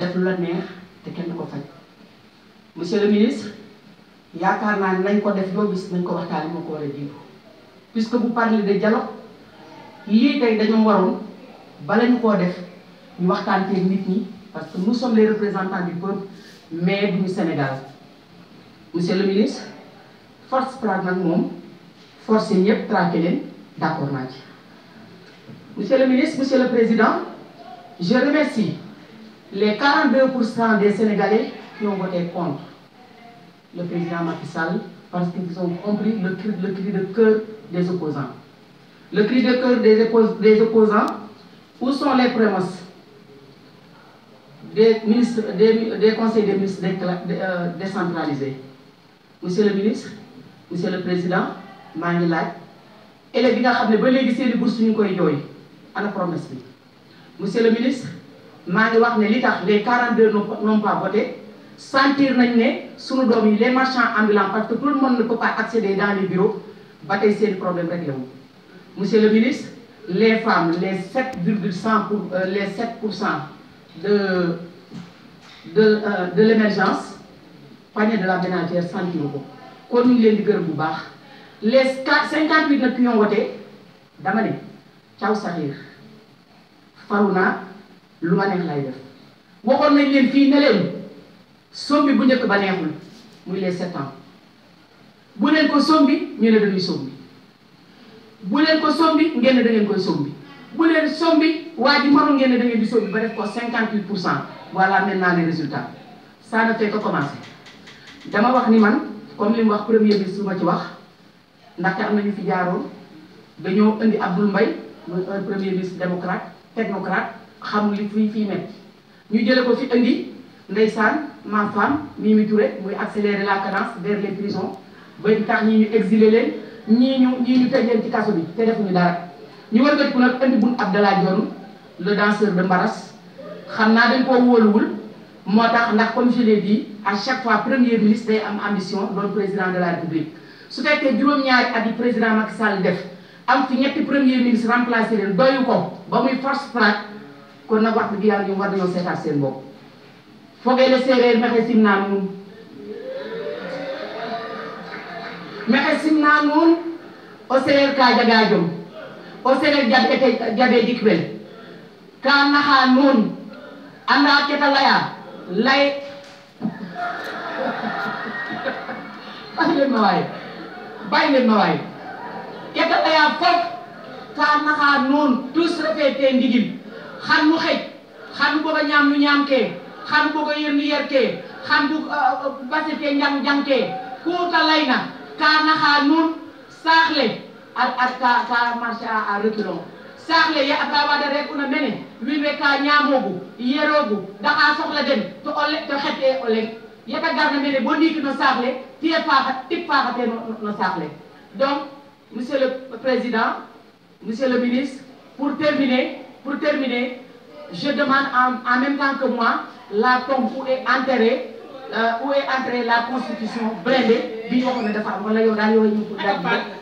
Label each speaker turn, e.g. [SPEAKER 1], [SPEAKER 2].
[SPEAKER 1] def lu la neex te kenn du ko faj monsieur le ministre yaakaar naa ne lañ ko def doo gis nañ ko waxtaanee moo ko war a jiitu puisque bu parler de dialogue yii tey dañu waroon bala ñu koo def ñu waxtaan tey nit ñi parce que nous sommes les représentants du peuple mais du Sénégal monsieur le ministre force plan nag moom force yi ñëpp traqué leen d' accord naa ci monsieur le ministre monsieur le président je remercie. pour 42% des Sénégalais qui ont voté contre le président Macky Sall parce qu'ils ont compris le cri, le cri de cœur des opposants. Le cri de cœur des, oppos, des opposants, où sont les prémices des, ministres, des, des, conseils des ministres euh, décentralisés Monsieur le ministre, monsieur le président, maa ngi laaj élèves yi nga xam ne ba léegi seeni bourse ñu koy jooy ana promesse bi monsieur le ministre maa ngi wax ne li tax les 42 n'ont pas voté sentir nañ ne suñu doom yi les marchands ambulants parce que tout le monde ko par pas accéder dans les bureaux ba tey seen problème rek la monsieur le ministre les femmes les 7 virgule 100 pour euh, les 7 pour cent de de euh, de de la ménagère sentir ko kon ñu leen di gërëm bu baax les 4 58 nag ki ñoo wote dama ne caw saxiir faru lu ma neex lay def waxoon nañ leen fii ne leen sombi bu njëkk ba neexul muy les sept ans bu leen ko sombi ñu ne dañuy sombi bu leen ko sombi ngeen ne da ngeen koy sombi bu leen sombi waa ji maru ngeen ne da ngeen di sombi ba def ko cinquante huit pour cent voilà maintenant les résultat ça ne fait que commencer dama wax ni man comme li wax premier ministre ma ci wax ndax am na ñu fi jaaroon dañoo indi Abdoul Mbaye muy un premier ministre démocrate technocrate xam li fi fii métti ñu jële ko fi indi ndeysaan ma femme Mimi Touré muy accélérer la cadence vers les prisons ba tax ñii ñu exilé leen ñii ñu ñii ñu tëj leen ci kaso bi te defuñu dara ñu war ko nag indi Boun Abdallah Dionne le danseur de Mbaras xam naa dañ koo wóoluwul moo tax ndax comme je l'ai dit à chaque fois premier ministre day am ambition doon président de la république su fekkee juróom-ñaari at président Macky Sall def am fi ñetti premier ministre remplacé leen doyu ko kon nag wax dëgg yàlla ñoom war nañoo seetaat seen bopp foogee ne séeréer mexe naa nuun mexe naa nuun o séeréer ka jaga jom o séeréer jaɓ ete jaɓe jikwel ka naxa nuun anda keta laya lay bàyyi leen waaye bàyyi leen waaye keta laya fop ka naxa nuun tous refe te ndigil xan nu xëj xan nu bëgg a ñaam nu ñaam kee xan nu bëgg a yer nu yer kee xan euh, euh, kee njang njang kee kuuta lay na kaa naxaa nuun saaxle ak ak ka marché à reculons saaxle ye a tawada rek una mene wiin we ka ñaamoogu yeroogu daxa soxla den to o le to xet e no saaxle donc monsieur le président monsieur le ministre pour terminer pour terminer je demande en, en même temps que moi la tombe où est enterrée euh, est enterrée la constitution blindée bi ñu waxoon ne dafa am wala yow daal yow